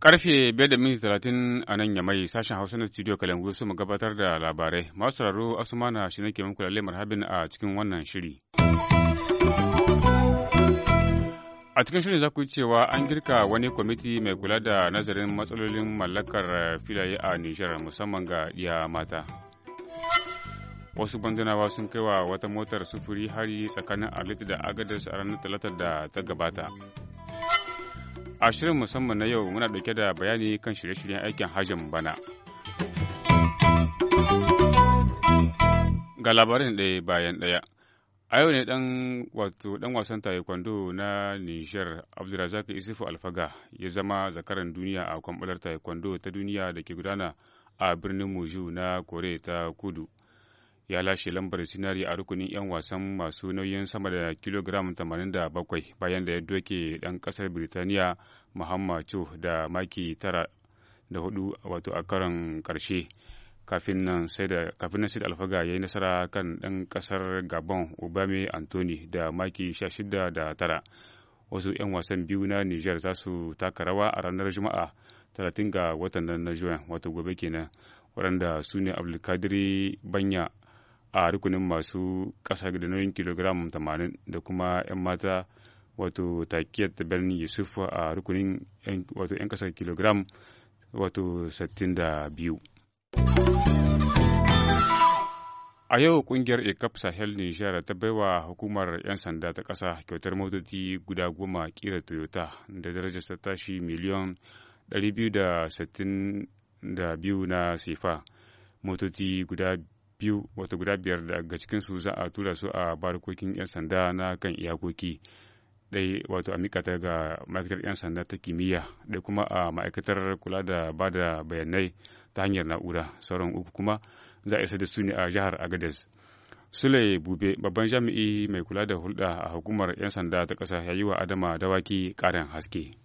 Karfe biyar da minti talatin a nan ya mai sashen Hausa na studio Kalangu su mu gabatar da labarai. Masu sauraro Asumana shi nake muku lalle marhabin a cikin wannan shiri. A cikin shirin za yi cewa an girka wani kwamiti mai kula da nazarin matsalolin mallakar eh, filaye a Nijar musamman ga iya mata. Wasu bandunawa sun kai wa wata motar sufuri hari tsakanin Arlit da agadar a ranar talatar da ta gabata. A shirin musamman na yau muna ɗauke da bayani kan shirye-shiryen aikin hajjin bana. Ga labarin ɗaya bayan ɗaya. a yau ne dan wato dan wasan taekwondo na Niger Abdulrazak Isufu Alfaga ya zama zakaran duniya a kwambalar taekwondo ta duniya da ke gudana a birnin Muju na Kore ta Kudu. Ya lashe lambar sinari a rukunin 'yan wasan masu nauyin sama da kilogram 87 bayan da ya doke dan kasar Birtaniya Muhammad Cho da maki tara da hudu wato a karon karshe. kafin nan sai da kafin nan sai da alfaga ya nasara kan ɗan kasar gabon obame antoni da maki 16 da tara wasu 'yan wasan biyu na niger za su taka rawa a ranar juma'a 30 ga watan nan na wato gobe kenan waɗanda su ne abdulkadiri banya a rukunin masu ƙasa da nauyin kilogram 80 da kuma 'yan mata wato takiyat birnin yusuf a rukunin wato 'yan ƙasar kilogram wato 62 A yau kungiyar ECAP Sahel Nijar ta baiwa hukumar 'yan sanda ta ƙasa kyautar motoci guda goma kira Toyota da darajar ta tashi miliyan 262 na sefa. Motoci guda biyu wata guda biyar daga cikinsu za a tura su a barkokin 'yan sanda na kan iyakoki. ɗai wato a mika ta ga ma'aikatar 'yan sanda ta kimiyya da kuma a ma'aikatar kula da bada bayanai ta hanyar na'ura sauran uku kuma za a isa da su ne a jihar agadez sule bube babban jami'i mai kula da hulɗa a hukumar 'yan sanda ta ƙasa ya yi wa adama dawaki ƙarin haske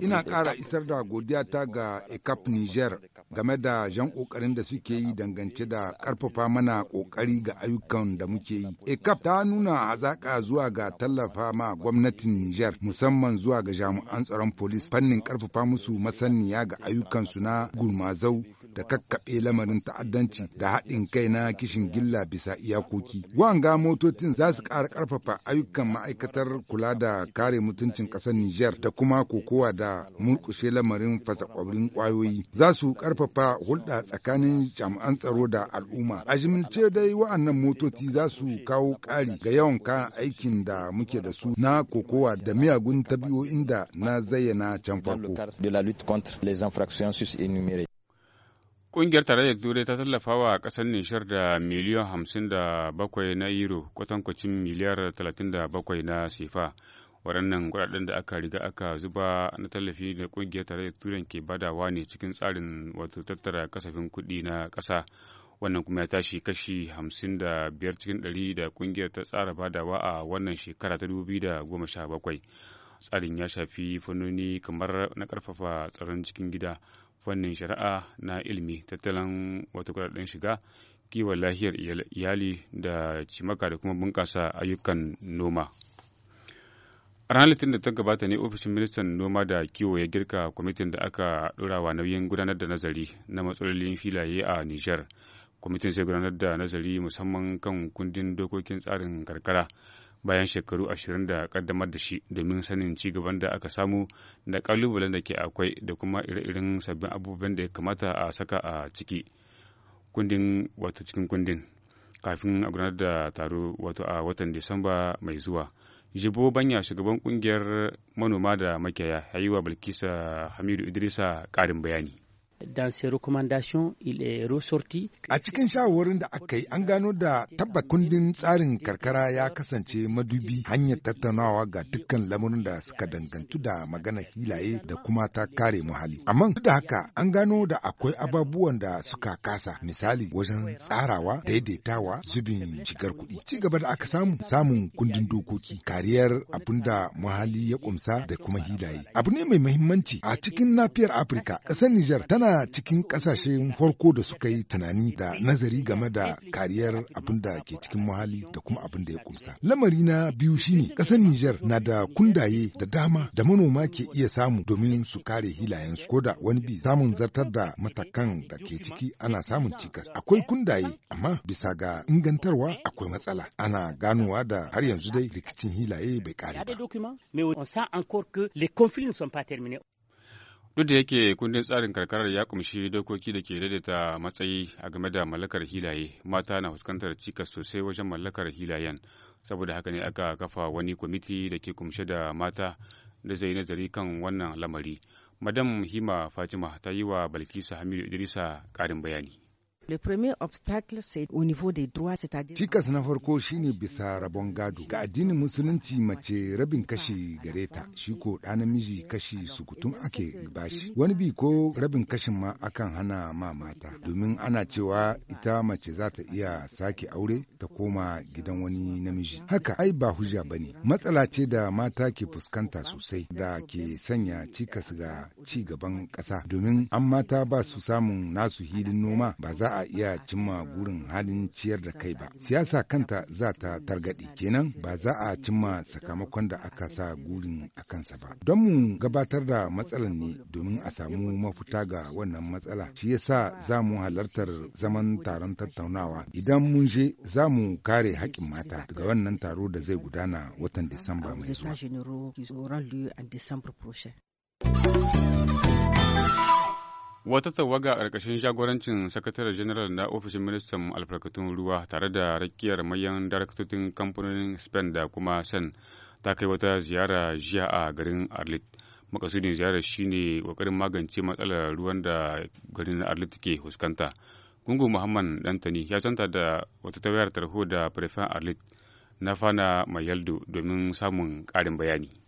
Ina ƙara isar da godiya ta ga ECAP Niger game da jan kokarin da suke yi dangance da karfafa mana kokari ga ayyukan da muke yi. ECAP ta nuna hazaƙa zuwa ga tallafa ma gwamnatin Niger musamman zuwa ga jami'an tsaron polis fannin karfafa musu masaniya ga ayyukansu na gurmazau da kakkaɓe lamarin ta'addanci da haɗin kai na kishin gilla bisa iyakoki. Wanga motocin za su ƙara ƙarfafa ayyukan ma'aikatar kula da kare mutuncin ƙasar Nijar da kuma kokowa da murƙushe lamarin fasa ƙwabrin ƙwayoyi. Za su ƙarfafa hulɗa tsakanin jami'an tsaro da al'umma. A jimilce dai wa'annan motoci za su kawo ƙari ga yawan kayan aikin da muke da su na kokowa da miyagun tabiyoyin da na zayyana can farko. Ƙungiyar tarayyar Turai ta tallafa wa ƙasar Nishar da miliyan hamsin da bakwai na euro kwatankwacin miliyar talatin da bakwai na sefa. Waɗannan kuɗaɗen da aka riga aka zuba na tallafi da ƙungiyar tarayyar Turai ke badawa ne cikin tsarin wato tattara kasafin kuɗi na ƙasa. Wannan kuma ya tashi kashi hamsin da biyar cikin ɗari da ƙungiyar ta tsara badawa a wannan shekara ta dubu da goma sha bakwai. Tsarin ya shafi fannoni kamar na ƙarfafa tsaron cikin gida fannin shari'a na ilimi tattalin wata kudaden shiga kiwon lahiyar iyali da cimaka da kuma bunƙasa ayyukan noma a ranar litinin da ta gabata ne ofishin ministan noma da kiwo ya girka kwamitin da aka ɗorawa nauyin gudanar da nazari na matsalolin filaye a niger kwamitin sai gudanar da nazari musamman kan kundin dokokin tsarin karkara bayan shekaru ashirin da kaddamar da shi domin sanin ci gaban da aka samu da kalubalen da ke akwai da kuma ire-iren sabbin abubuwan da ya kamata a saka a ciki kundin wato cikin kundin kafin a gudanar da taro wato a watan disamba mai zuwa jibo banya shugaban kungiyar manoma da makiyaya ya yi bilkisa hamidu idrisa ƙarin bayani A cikin shawarwarin da aka yi an gano da tabba kundin tsarin karkara ya kasance madubi hanyar tattaunawa ga dukkan lamurin da suka dangantu da magana hilaye da kuma ta kare muhalli. Amma da haka an gano da akwai ababuwan da suka kasa misali wajen tsarawa daidaitawa zubin shigar kuɗi. Ci gaba da aka samu samun kundin dokoki kariyar abin da muhalli ya kumsa da kuma hilaye. Abu ne mai muhimmanci a cikin nafiyar Afirka ƙasar Nijar tana muna cikin ƙasashen farko da suka yi tunani da nazari game da kariyar abin da ke cikin muhalli da kuma abin da ya kumsa. Lamari na biyu shine ƙasar Nijar na da kundaye da dama da manoma ke iya samu domin su kare hilayensu ko da wani bi samun zartar da matakan da ke ciki ana samun cikas. Akwai kundaye amma bisa ga ingantarwa akwai matsala. Ana ganowa da har yanzu dai rikicin hilaye bai kare ba. Duk da yake kundin tsarin karkarar ya kumshi dokoki da ke daidaita matsayi a game da mallakar hilaye, mata na fuskantar cikas sosai wajen mallakar hilayen. Saboda haka ne aka kafa wani kwamiti da ke kumshe da mata da zai nazari kan wannan lamari. Madam Hima Fatima ta yi wa Balkisu Hamidu Idrisa karin bayani. Le premier obstacle c'est au niveau des droits c'est-à-dire Cikas na farko shine bisa rabon gado ga addinin musulunci mace rabin kashi gare ta shi ko da namiji kashi sukutun ake bashi wani bi ko rabin kashin ma akan hana ma mata domin ana cewa ita mace za ta iya sake aure ta koma gidan wani namiji haka ai ba hujja bane matsala ce da mata ke fuskanta sosai da ke sanya cikas ga ci gaban ƙasa domin an mata ba su samun nasu hilin noma ba za a iya cimma gurin halin ciyar da kai ba. Siyasa kanta za ta targaɗe kenan ba za a cimma sakamakon da aka sa gurin a kansa ba. Don mu gabatar da matsalar ne domin a samu mafita ga wannan matsala. Shi yasa za mu halartar zaman taron tattaunawa. Idan mun je za mu kare haƙƙin mata daga wannan taro da zai gudana watan Disamba mai zuwa. Wata tawaga a ƙarƙashin jagorancin sakataren general na ofishin ministan alfarkatun ruwa tare da rakiyar mayan daraktocin kamfanonin Spain da kuma San ta kai wata ziyara jiya a garin Arlit. Makasudin ziyarar shine ƙoƙarin magance matsalar ruwan da garin Arlit ke fuskanta. Gungun Muhammad Dantani ya santa da wata tawayar tarho da Prefen Arlit na fana mai domin samun ƙarin bayani.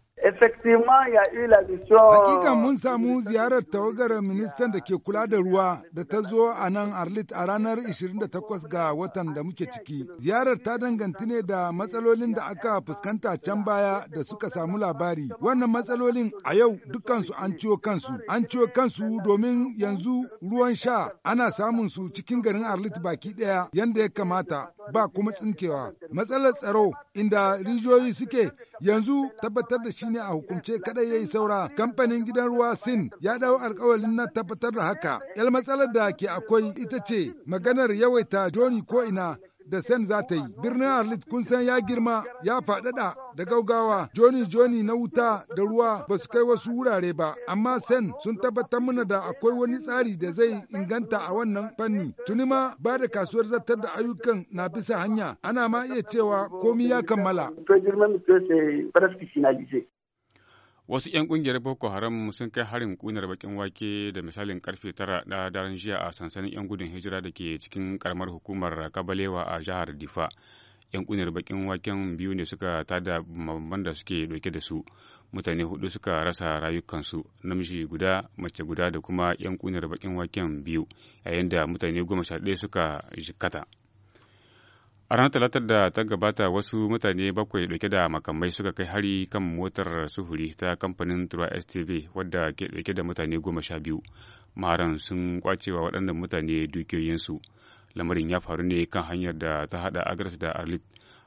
Hakika mun euh, samu ziyarar tawagar ministan da ke kula da ruwa da ta zo a nan Arlit a ranar 28 ga watan da muke ciki. Ziyarar ta danganti ne da matsalolin da aka fuskanta can baya da suka samu labari. Wannan matsalolin a yau dukansu an ciwo kansu. An ciwo kansu domin yanzu ruwan sha ana samun su cikin garin Arlit baki ɗaya yadda ya kamata ba kuma tsinkewa. Matsalar tsaro inda rijiyoyi suke yanzu tabbatar da shi shine a hukumce kadai ya yi saura kamfanin gidan ruwa sin ya dawo alkawalin na tabbatar da haka yar matsalar da ke akwai ita ce maganar yawaita joni ko ina da sen za ta yi birnin arlit kun san ya girma ya faɗaɗa da gaugawa joni joni na wuta da ruwa ba su kai wasu wurare ba amma sen sun tabbatar mana da akwai wani tsari da zai inganta a wannan fanni tuni ma ba da kasuwar zartar da ayyukan na bisa hanya ana ma iya cewa komi ya kammala Wasu 'yan kungiyar Boko Haram sun kai harin kunar bakin wake da misalin karfe tara na daren jiya a sansanin 'yan gudun hijira da ke cikin karamar hukumar Kabalewa a jihar Difa. 'Yan kunar bakin waken biyu ne suka tada mamman da suke dauke da su. Mutane hudu suka rasa rayukansu, namiji guda, mace guda da kuma 'yan kunar bakin waken biyu, yayin da mutane goma sha suka jikkata. A ranar talatar da ta gabata wasu mutane bakwai dauke da makamai suka kai hari kan motar suhuri ta kamfanin Tura STV wadda ke dauke da mutane goma sha biyu. Maharan sun kwacewa waɗannan mutane dukiyoyinsu. Lamarin ya faru ne kan hanyar da ta haɗa Agres da Arlit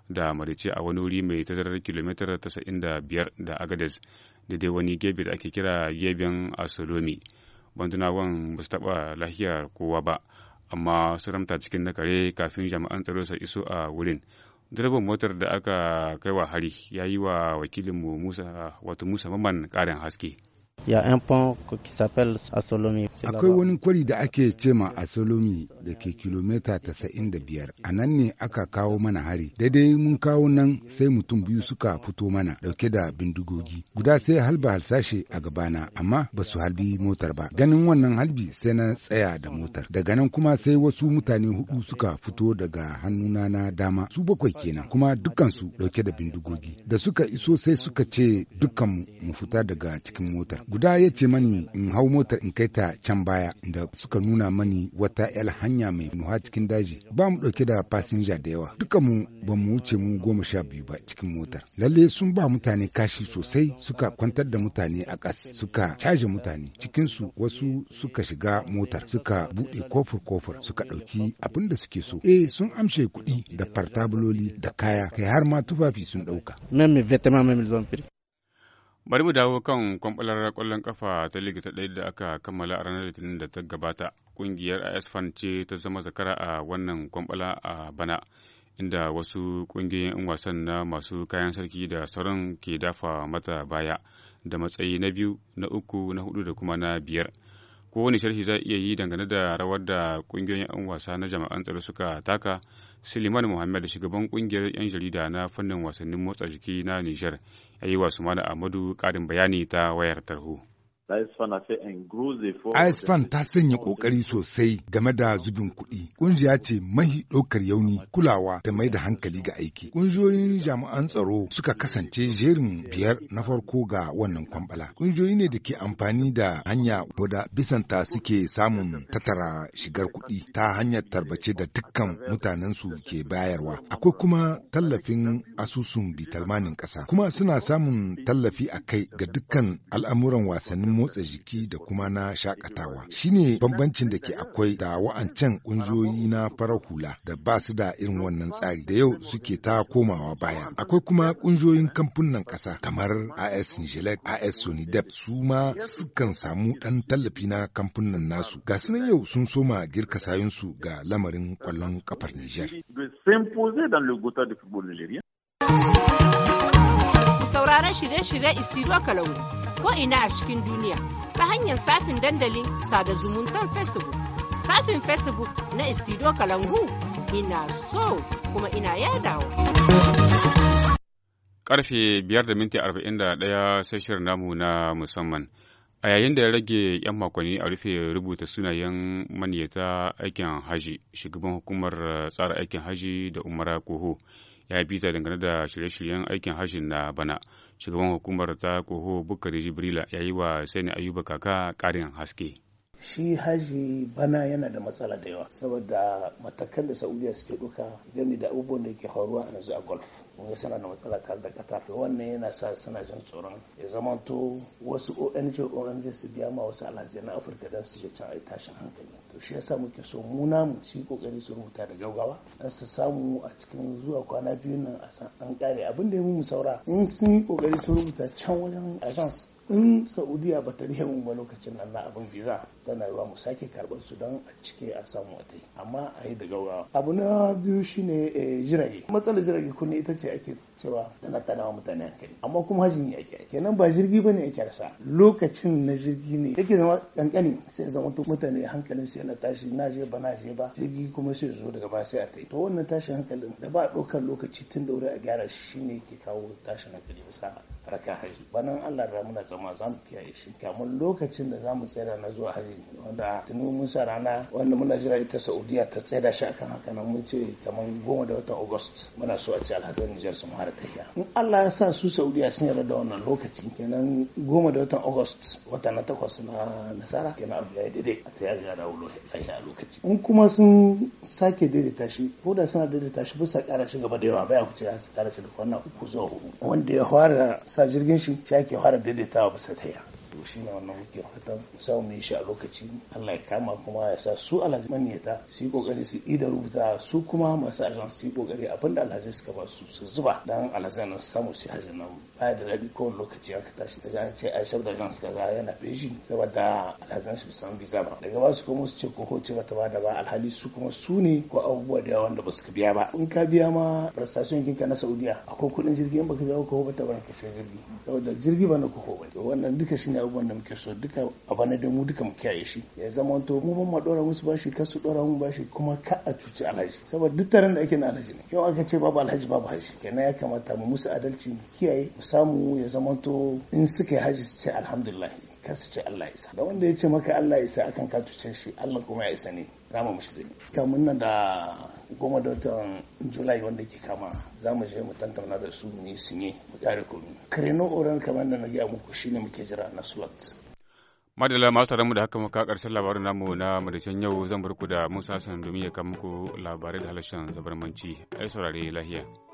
da Marice a wani wuri mai tazarar kilomitar 95 da Agades daidai wani gebe da ake kira geben Asolomi. Bandunawan ba su taɓa lahiyar kowa ba. amma su ramta cikin na kare kafin jami'an tsaro su iso a wurin direban motar da aka kai wa hari ya yi wa wakilinmu musa wato musa maman ƙarin haske ya Akwai wani kwari da ake ce ma Asolomi da ke kilomita tasa'in da biyar. A nan ne aka kawo mana hari. Daidai mun kawo nan sai mutum biyu suka fito mana dauke da bindigogi. Guda sai halba halsashe a gabana amma ba su halbi motar ba. Ganin wannan halbi sai na tsaya da motar. Daga nan kuma sai wasu mutane hudu suka fito daga hannuna na dama. Su bakwai kenan kuma dukkansu dauke da bindigogi. Da suka iso sai suka ce dukkan mu fita daga cikin motar. guda ya ce mani in hau motar in kai ta can baya da suka nuna mani wata yal hanya mai nuha cikin daji ba mu dauke da fasinja da yawa duka mu ba mu wuce mu goma sha biyu ba cikin motar lalle sun ba mutane kashi sosai suka kwantar da mutane a ƙas suka caje mutane cikinsu wasu suka shiga motar suka buɗe kofur kofur suka ɗauki abin da suke so eh sun amshe kuɗi da fartabuloli da kaya kai har ma tufafi sun ɗauka. Bari mu dawo kan kwamfalar kwallon kafa ta Liga ta ɗaya da aka kammala a ranar Litinin da ta gabata. Ƙungiyar AS Fan ce ta zama zakara a wannan kwamfala a bana, inda wasu ƙungiyoyin 'yan wasan na masu kayan sarki da sauran ke dafa mata baya da matsayi na biyu, na uku, na hudu da kuma na biyar. Kowane sharhi za iya yi dangane da rawar da ƙungiyoyin 'yan wasa na jami'an tsaro suka taka. Suleiman Muhammad shugaban ƙungiyar 'yan jarida na fannin wasannin motsa jiki na Nijar ya yi wa Sumana Ahmadu ƙarin bayani ta wayar tarho. ISFAN ah, ta sanya ƙoƙari sosai game da zubin kuɗi. Ƙungiya ce mahi ɗaukar yauni kulawa da mai da hankali ga aiki. Ƙungiyoyin jami'an tsaro suka kasance jerin biyar na farko ga wannan kwambala. Ƙungiyoyi ne da ke amfani da hanya wadda bisanta suke samun tattara shigar kuɗi ta hanyar tarbace da dukkan mutanensu ke bayarwa. Akwai kuma tallafin asusun bitalmanin ƙasa. Kuma suna samun tallafi a kai ga dukkan al'amuran wasannin motsa jiki da kuma na shakatawa. Shine bambancin da ke akwai da wa'ancan ƙungiyoyi na farar hula da ba su da irin wannan tsari da yau suke ta komawa baya. Akwai kuma ƙungiyoyin kamfunan ƙasa kamar AS nigelec AS Sonidep su ma sukan samu ɗan tallafi na kamfunan nasu. Ga sunan yau sun soma girka sayunsu ga lamarin ƙwallon ƙafar Nijar. Sauraron shirye-shirye Istiro Kalangu ko ina a cikin duniya ta hanyar safin dandalin sada zumuntar facebook safin facebook na istido kalangu ina so kuma ina yadawa karfe 5.41 da namu na musamman a yayin da ya rage 'yan makonni a rufe rubuta sunayen maniyata aikin haji shugaban hukumar uh, tsara aikin haji da umara koho ya yi bita dangane da shirye-shiryen aikin hashin na bana shugaban hukumar ta koho bukari jibrila ya yi wa sani ayuba kaka ƙarin haske shi haji bana yana da matsala da yawa saboda matakan da saudiya suke duka gami da abubuwan da yake faruwa a yanzu a golf kuma suna da matsala tare da qatar wannan yana sa suna jin tsoron ya zama to wasu ong ong su biya ma wasu alhazi na afirka dan su je can ai tashin hankali to shi yasa muke so mu na mu yi kokari su rubuta da gaugawa don su samu a cikin zuwa kwana biyu nan a san an kare abin da ya mu saura in sun yi kokari su rubuta can wajen agence in saudiya ba ta mun ba lokacin nan na abin visa tana yiwa mu sake karɓar su don a cike a samu wata amma a yi da gaurawa abu na biyu shine eh, jirage matsalar jirage kunne ita ce ake cewa tana tana wa mutane kai amma kuma hajin ya ake kenan ba jirgi ne yake rasa lokacin na jirgi ne yake zama kankani sai zama mutane hankalin sai na tashi na je ba na je ba jirgi kuma sai zo daga ba sai a tai to wannan tashin hankalin da ba ɗaukar lokaci tun da wuri a gyara shi ne ke kawo tashin hankali bisa raka haji banan Allah da muna zama za mu kiyaye shi kamar lokacin da za mu tsira na zuwa hari wanda tuni mun sa rana wanda muna jira ita saudiya ta da shi akan haka nan mun ce kamar goma da watan august muna so a ce alhazan nijar sun fara tafiya in allah ya sa su saudiya sun yarda da wannan lokacin kenan goma da watan august wata na takwas na nasara kenan abu ya yi daidai a ta yaga da wulo a lokaci in kuma sun sake daidaita shi ko da suna daidaita shi bisa kara shi gaba da yawa baya kuce su kara shi da kwana uku zuwa hudu wanda ya fara sa jirgin shi shi ake fara daidaitawa opposite here. to shi ne wannan muke fatan samu mu shi a lokaci Allah ya kama kuma ya sa su alhaziman ne su yi kokari su yi da rubuta su kuma masu ajan su yi kokari abinda alhazai suka ba su su zuba dan alhazai nan samu su hajji nan baya da rabi kowane lokaci aka tashi da ce a shaf da jan suka za yana beji saboda alhazan shi san biza ba daga ba su kuma su ce ko hoce ba ta ba ba alhali su kuma su ne ko abubuwa da yawa da ba su biya ba in ka biya ma prestation kinka na Saudiya akwai kudin jirgi in baka biya ko ba ta ba ka shi jirgi saboda jirgi ba na ko ba wannan duka shine abubuwan da muke so duka a bana da mu duka mu kiyaye shi ya zama to mu ban ma dora musu bashi kar su dora mu bashi kuma ka a cuci alhaji saboda duk taron da ake na alhaji ne yau aka ce babu alhaji babu haji kenan ya kamata mu musu adalci mu kiyaye mu samu ya zama to in suka yi haji su ce alhamdulillah ka su ce Allah isa da wanda ya ce maka Allah isa akan ka cuce shi Allah kuma ya isa ne rama mushi zai kamun nan da goma da watan julai wanda ke kama za mu je mu tantauna da su ne sinye mu kare komi kireno oran kamar da na gaya muku shine muke jira na slot madalla masu tare mu da haka muka karshen labarin namu na madashin yau zan barku da musa sanin domin ya kan muku labarai da halashen zabarmanci ai saurare lahiya